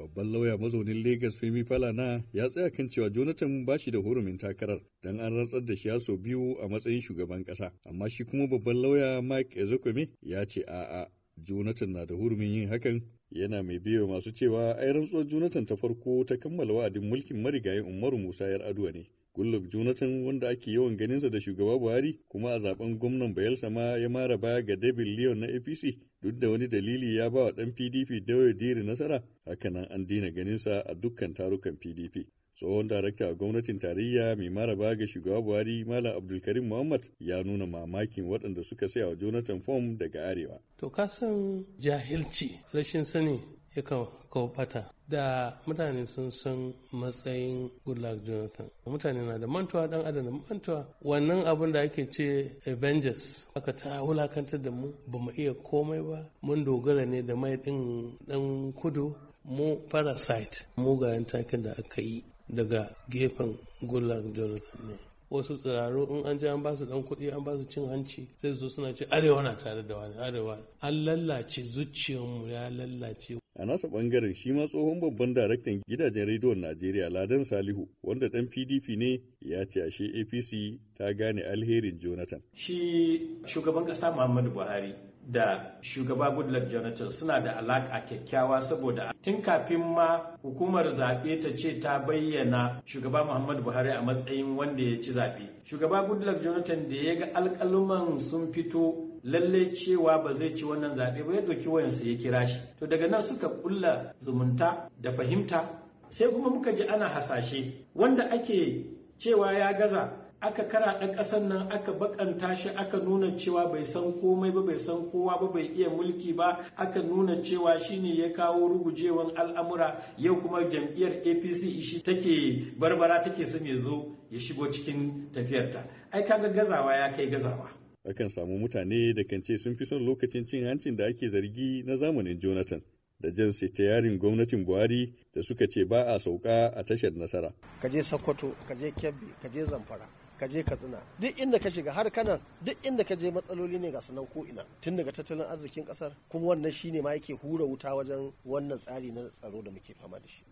Babban lauya mazaunin Legas Femi Falana ya tsaya kan cewa Jonathan ba shi da hurumin takarar don an rantsar da shi ya sau biyu a matsayin shugaban ƙasa. Amma shi kuma babban lauya Mike Ezekwemi ya ce a'a Jonathan na da hurumin yin hakan yana mai biyo masu cewa ai rantsuwar Jonathan ta farko ta kammala wa'adin mulkin marigayin Umaru Musa adu'a ne. gullug Jonathan wanda ake yawan ganinsa da shugaba Buhari kuma a zaben gwamnan Bayelsa ma ya mara baya ga David Leon na APC duk da wani dalili ya ba wa ɗan PDP Dawo Diri nasara hakanan an dina ganinsa a dukkan tarukan PDP. tsohon darakta a gwamnatin tarayya mai maraba ga shugaba buhari malam abdulkarim muhammad ya nuna mamakin waɗanda suka saya wa jonathan fom daga arewa to ka san jahilci rashin sani ya kawo bata da mutane sun san matsayin goodluck jonathan mutane na da mantuwa dan adam da mantuwa wannan abin da ake ce avengers aka ta wulakantar da mu ba mu iya komai ba mun dogara ne da mai ɗin ɗan kudu mu parasite mugayen takin da aka yi daga gefen goodluck jonathan ne wasu tsiraru in an je an ba su dan kuɗi an ba su cin hanci sai su suna ce arewa na tare da wani arewa an lallace zuciyarmu ya lallace a nasa bangaren shi ma tsohon babban daraktan gidajen rediyon najeriya ladan salihu wanda dan pdp ne ya ce ashe apc ta gane alherin jonathan shi shugaban kasa muhammadu buhari da shugaba goodluck jonathan suna da alaka kyakkyawa saboda tun kafin ma hukumar zaɓe ta ce ta bayyana shugaba muhammadu buhari a matsayin wanda ya ci zaɓe shugaba goodluck jonathan da ya ga alƙaluman sun fito lallai cewa ba zai ci wannan zaɓe ba ya ɗauki wayansa ya kira shi to daga nan suka ƙulla zumunta da fahimta sai kuma muka ji ana hasashe wanda ake cewa ya gaza aka karaɗa ƙasar nan aka bakanta shi aka nuna cewa bai san komai ba bai san kowa ba bai iya mulki ba aka nuna cewa shine ya kawo rugujewan al'amura yau kuma jam'iyyar apc shi take barbara take son ya zo ya shigo cikin tafiyarta ai kaga gazawa ya kai gazawa akan samu mutane da kan ce sun fi son lokacin cin hancin da ake zargi na zamanin jonathan da jan yarin gwamnatin buhari da suka ce ba a sauka a tashar nasara ka je sokoto ka je kebbi ka je zamfara ka je katsina duk inda ka shiga har kanan duk inda ka je matsaloli ne ga sanan ko ina tun daga tattalin arzikin kasar kuma wannan shine ma yake hura wuta wajen wannan tsari na tsaro da muke fama da shi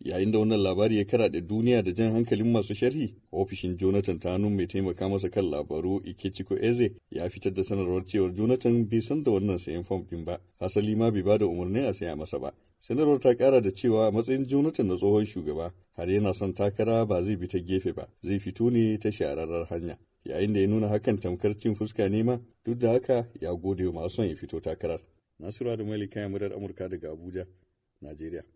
yayin da wannan labari ya karaɗe duniya da jan hankalin masu sharhi ofishin jonathan tanu mai taimaka masa kan labaru ikechiko eze ya fitar da sanarwar cewar jonathan bai san da wannan sayan fam din ba asali ma bai ba da umarni a saya masa ba sanarwar ta kara da cewa a matsayin jonathan na tsohon shugaba har yana son takara ba zai bi ta gefe ba zai fito ne ta shahararrar hanya yayin da ya nuna hakan tamkar cin fuska ne ma duk da haka ya gode wa masu son ya fito takarar nasiru da malika ya murar amurka daga abuja najeriya